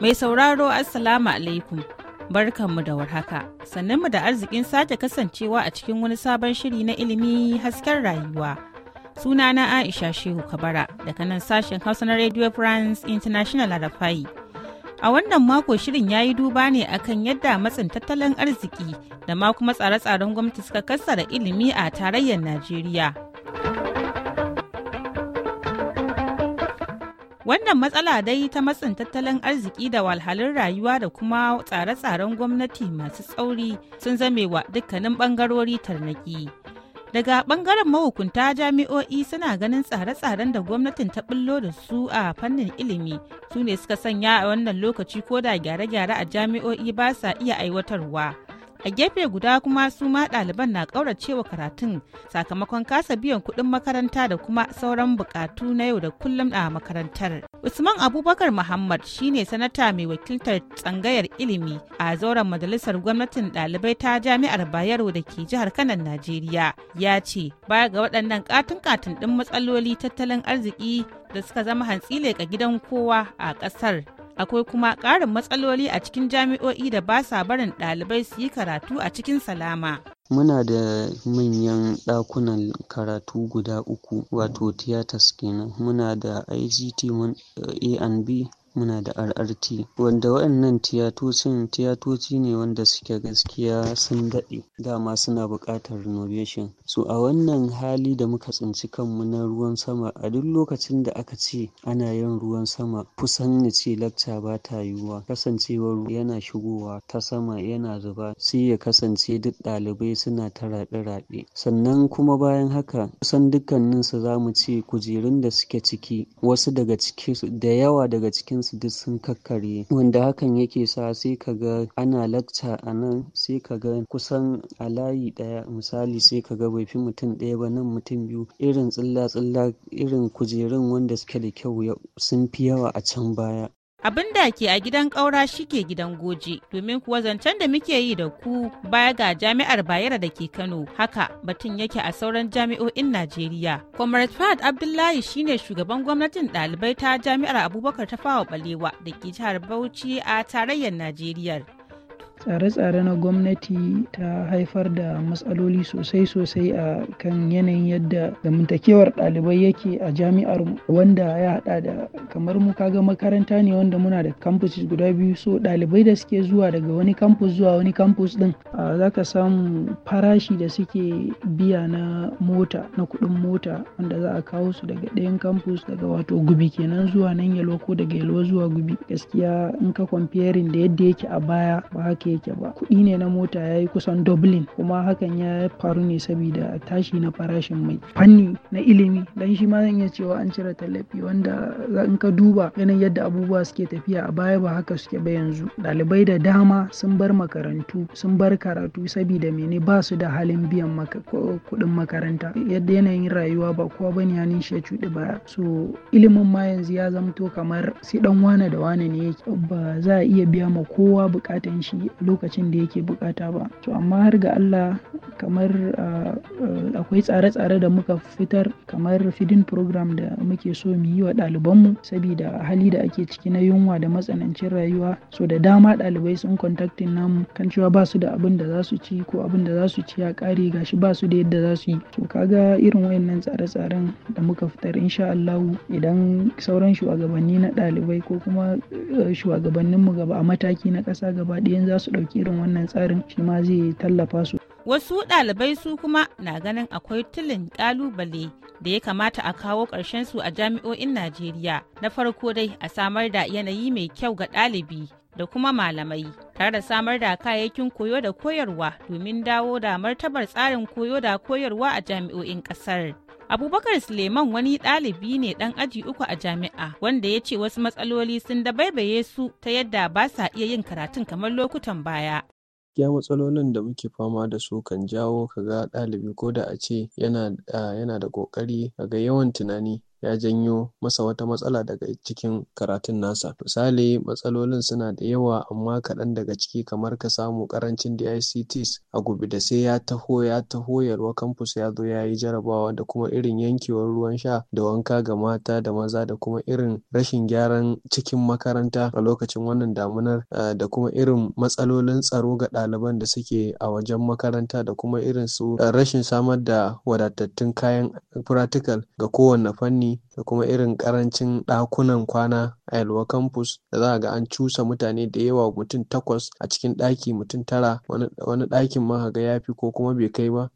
Mai sauraro Assalamu alaikum. Barkanmu da warhaka, sannanmu da arzikin sake kasancewa a cikin wani sabon shiri na ilimi hasken rayuwa. Sunana Aisha Shehu Kabara daga nan sashen Hausa na Radio France International Arafai. A wannan mako shirin ya yi duba ne akan yadda matsin tattalin arziki da ma kuma tsare-tsaren gwamnati suka kassara ilimi a tarayyar Najeriya. Wannan matsala dai ta matsin tattalin arziki da walhalin rayuwa da kuma tsare-tsaren gwamnati masu tsauri sun zame wa dukkanin bangarori tarnaki. Daga bangaren mahukunta jami'o'i suna ganin tsare-tsaren da gwamnatin ta bullo da su a fannin ilimi su ne suka sanya a wannan lokaci ko da gyare-gyare a jami'o'i ba sa iya aiwatarwa. a gefe guda kuma su ma ɗaliban na ƙauracewa karatun sakamakon kasa biyan kuɗin makaranta da kuma sauran buƙatu na yau da kullum a makarantar usman abubakar muhammad shine sanata mai wakiltar tsangayar ilimi a zauren majalisar gwamnatin ɗalibai ta jami'ar bayero da ke jihar kanan najeriya ya ce baya ga waɗannan katin-katin ɗin matsaloli tattalin arziki da suka zama hantsi ga gidan kowa a ƙasar akwai kuma ƙarin matsaloli a cikin jami'o'i da ba sa barin ɗalibai su yi karatu a cikin salama. Muna da manyan ɗakunan karatu guda uku wato tiyatas kenan muna da IGT A&B muna da rrt wanda waɗannan tiyatocin tiyatoci ne wanda suke gaskiya sun daɗe dama suna buƙatar renovation so a wannan hali da muka tsinci kanmu na ruwan sama a duk lokacin da aka ce ana yin ruwan sama kusan ya ce lacca ba ta yiwuwa kasancewar ruwa yana shigowa ta sama yana zuba sai ya kasance duk ɗalibai suna ta raɗe-raɗe sannan kuma bayan haka kusan dukkaninsu za mu ce kujerun da suke ciki wasu daga ciki da yawa daga cikin su duk sun kakkarye wanda hakan yake sa sai ka ga ana lakca a nan sai ka ga kusan a layi ɗaya misali sai ka ga bai fi mutum ɗaya ba nan mutum biyu irin tsilla tsilla irin kujerun wanda suke da kyau sun fi yawa a can baya Abin da ke a gidan ƙaura shike gidan goje domin kuwa zancen da muke yi da ku baya ga jami'ar Bayero da ke Kano haka batun yake a sauran jami'o'in Najeriya. Comrade Fahad Abdullahi shine shugaban gwamnatin ɗalibai ta jami'ar Abubakar ta fawa Balewa da ke jihar Bauchi a tarayyar Najeriya. tsare-tsare na gwamnati ta haifar da matsaloli sosai-sosai a kan yanayin yadda zamantakewar ɗalibai yake a jami'ar wanda ya haɗa da kamar mu kaga makaranta ne wanda muna da campus guda biyu so ɗalibai da suke zuwa daga wani campus zuwa wani campus ɗin za ka samu farashi da suke biya na mota na kuɗin mota wanda za a kawo su daga ɗayan campus daga wato gubi kenan zuwa nan yalwa ko daga yalwa zuwa gubi gaskiya in ka comparing da yadda yake a baya ba haka yake ba kuɗi ne na mota ya yi kusan dublin kuma hakan ya faru ne saboda tashi na farashin mai fanni na ilimi don shi ma zan iya cewa an cire tallafi wanda in ka duba ganin yadda abubuwa suke tafiya a baya ba haka suke ba yanzu ɗalibai da dama sun bar makarantu sun bar karatu saboda mene ba su da halin biyan kuɗin makaranta yadda yanayin rayuwa ba kowa ne hannun shi ya cuɗi ba so ilimin ma yanzu ya zamto kamar sai dan wane da wane ne ba za a iya biya ma kowa bukatan shi lokacin da yake bukata ba to amma har ga Allah kamar akwai tsare-tsare da muka fitar kamar feeding program da muke so mu yi wa ɗalibanmu saboda hali da ake ciki na yunwa da matsanancin rayuwa so da dama ɗalibai sun contacting namu kan cewa ba su da abin da za su ci ko abin da za su ci ya kare gashi ba su da yadda za su yi to kaga irin wayannan tsare-tsaren da muka fitar insha Allah idan sauran shugabanni na ɗalibai ko kuma eh, shugabanninmu gaba a mataki na ƙasa gaba ɗayan za su su ɗauki irin wannan tsarin shi ma zai tallafa su. Wasu ɗalibai su kuma na ganin akwai tilin ƙalubale da ya kamata a kawo ƙarshen su a jami'o'in Najeriya. Na farko dai a samar da yanayi mai kyau ga ɗalibi da kuma malamai tare da samar da kayayyakin koyo da koyarwa domin dawo da martabar tsarin koyo da koyarwa a jami'o'in ƙasar. Abubakar Suleiman wani ɗalibi ne ɗan aji uku a jami'a wanda ya ce wasu matsaloli sun dabaibaye su ta yadda ba sa iya yin karatun kamar lokutan baya. ya matsalolin da muke fama da su kan jawo kaga ɗalibi ko da a ce yana ah, da ƙoƙari kaga yawan tunani ya janyo masa wata matsala daga cikin karatun nasa. Misali matsalolin suna da yawa amma kaɗan daga ciki kamar ka samu ƙarancin DICTs a gobe da sai ya taho ya taho yalwa campus ya zo ya yi jarabawa da kuma irin yankewar ruwan sha da wanka ga mata da maza da kuma irin rashin gyaran cikin makaranta a lokacin wannan damunar eh, da kuma irin matsalolin tsaro ga ɗaliban da suke a wajen makaranta da kuma irin su eh, rashin samar da wadatattun kayan practical ga kowane fanni da kuma irin karancin ɗakunan kwana a yalwa campus da za ga an cusa mutane da yawa mutum takwas a cikin ɗaki mutum tara wani ɗakin ma ga ya fi ko kuma bai kai ba.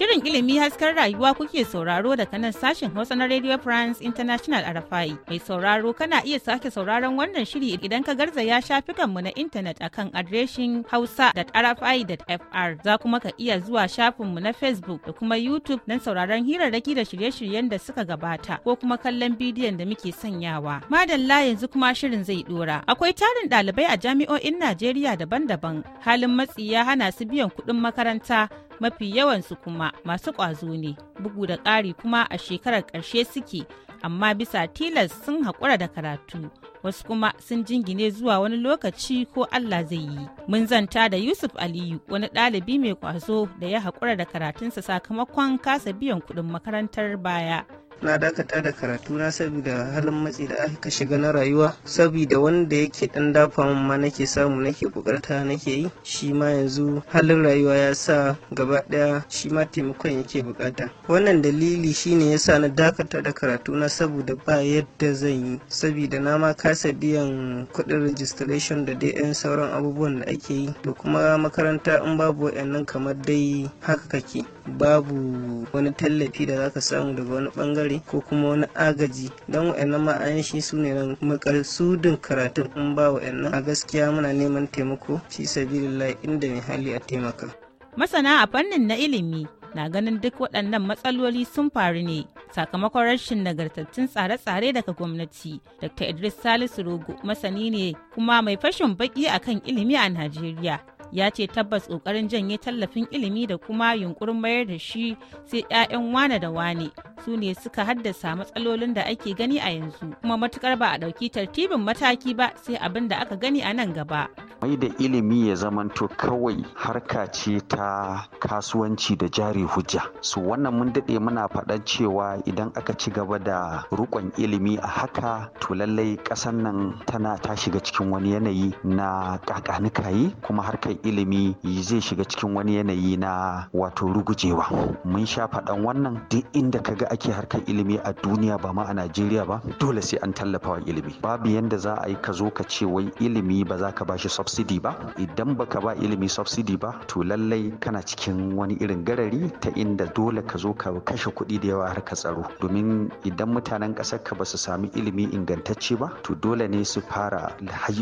Shirin ilimi hasken rayuwa kuke sauraro daga nan sashen Hausa na Radio France International a Rafai. Mai sauraro kana iya sake sauraron wannan shiri idan ka garzaya mu na intanet akan adireshin hausa.rfi.fr. Za kuma ka iya zuwa shafinmu na Facebook da kuma YouTube don sauraron hirarraki da shirye-shiryen da suka gabata ko kuma kallon bidiyon da muke sanyawa. Madalla yanzu kuma shirin zai dora. Akwai tarin ɗalibai a jami'o'in Najeriya daban-daban. Halin matsi ya hana su biyan kuɗin makaranta mafi yawansu kuma masu ƙwazo ne bugu da ƙari kuma a shekarar ƙarshe suke amma bisa tilas sun haƙura da karatu wasu kuma sun jingine zuwa wani lokaci ko Allah zai yi. Mun zanta da Yusuf Aliyu wani ɗalibi mai ƙwazo da ya haƙura da karatunsa sakamakon kasa biyan kuɗin makarantar baya. na dakata da karatu na saboda halin matsi da aka shiga na rayuwa saboda wanda yake dan dafa min ma nake samu nake bukata nake yi shi ma yanzu halin rayuwa ya sa gaba daya shi ma taimakon yake bukata wannan dalili shine yasa na dakata da karatu na saboda ba yadda zan yi saboda na ma kasa biyan kuɗin registration da dai yan sauran abubuwan da ake yi da kuma makaranta in babu waɗannan kamar dai haka kake babu wani tallafi da zaka samu daga wani bangare ko kuma wani agaji don wa'annan ma an shi su ne makasudin karatun in ba wa'annan a gaskiya muna neman taimako fi sabilillahi inda mai hali a taimaka masana a fannin na ilimi na ganin duk waɗannan matsaloli sun faru ne sakamakon rashin nagartattun tsare-tsare daga gwamnati dr idris salisu rogo masani ne kuma mai fashin baki akan ilimi a najeriya ya ce tabbas ƙoƙarin janye tallafin ilimi da kuma yunkurin mayar da shi sai 'ya'yan wane da wane su ne suka haddasa matsalolin da ake gani a yanzu kuma matukar ba a ɗauki tartibin mataki ba sai abin da aka gani a nan gaba mai da ilimi ya zamanto kawai harka ce ta kasuwanci da jari hujja su wannan mun daɗe muna faɗan cewa idan aka ci gaba da rukon ilimi a haka to lallai ƙasar nan tana ta shiga cikin wani yanayi na ƙaƙanikayi kuma harkar ilimi zai shiga cikin wani yanayi na wato rugujewa mun sha faɗan wannan duk inda kaga ake harkar ilimi a duniya ba ma a Najeriya ba dole sai an tallafa wa ilimi babu yanda za a yi ka zo ka ce wai ilimi ba za ka bashi subsidy ba idan baka ba ilimi subsidy ba to lallai kana cikin wani irin garari ta inda dole ka zo ka kashe kuɗi da yawa harkar tsaro domin idan mutanen ƙasar ka ba su sami ilimi ingantacce ba to dole ne su fara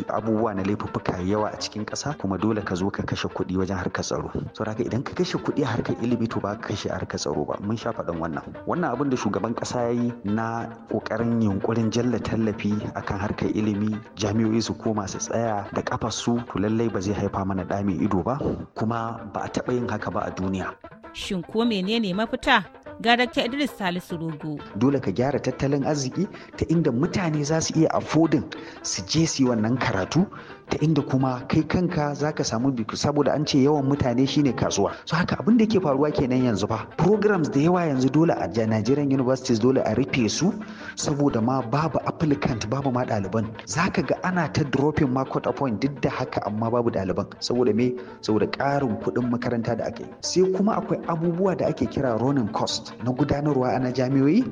abubuwa na laifuffuka yawa a cikin ƙasa kuma dole ka zo ka kashe kuɗi wajen harkar tsaro saboda haka idan ka kashe kuɗi a harkar ilimi to ba ka kashe a harkar tsaro ba mun sha faɗin wannan wannan abin da shugaban ƙasa ya yi na ƙoƙarin yunƙurin jalla tallafi akan harkar ilimi jami'o'i su koma su tsaya da ƙafar su to lallai ba zai haifa mana ɗa mai ido ba kuma ba a taɓa yin haka ba a duniya. Shin ko menene mafita? ga Dr. Idris Salisu Rogo. Dole ka gyara tattalin arziki ta inda mutane za su iya affordin su je su yi wannan karatu ta inda kuma kai kanka za ka samu biku saboda an ce yawan mutane shine kasuwa. So haka abin da ke faruwa kenan yanzu fa. Programs da yawa yanzu dole a Nigerian universities dole a rufe su saboda ma babu applicant babu ma ɗaliban. Za ka ga ana ta dropping ma quote point duk da haka amma babu ɗaliban saboda me saboda ƙarin kuɗin makaranta da aka yi. Sai kuma akwai abubuwa da ake kira running cost na gudanarwa a na jami'oi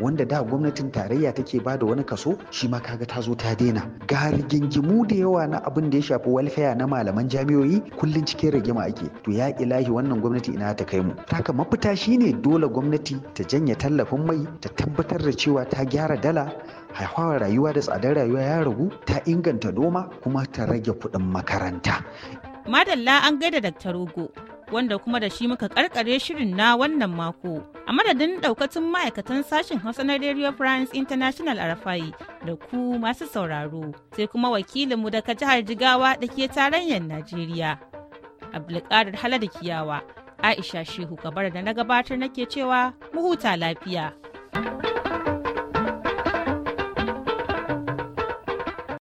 wanda da gwamnatin tarayya take ba da wani kaso shi ma kaga ta zo ta daina ga rigingimu da yawa na abin da ya shafi walfaya na malaman jami'oi kullun cikin rigima ake to ya ilahi wannan gwamnati ina ta kai mu haka mafita shine dole gwamnati ta janye tallafin mai ta tabbatar da cewa ta gyara dala haifawar rayuwa da tsadar rayuwa ya ragu ta inganta noma kuma ta rage kuɗin makaranta madalla an gaida ugo wanda kuma da shi muka karkare shirin na wannan mako. A madadin daukacin ma'aikatan sashen Hausa na Radio France International Arafai da ku masu sauraro, sai kuma wakilinmu daga jihar Jigawa da ke tarayyar Najeriya. Abdulkadir da Kiyawa, Aisha Shehu Kabar da na gabatar nake cewa mu huta lafiya.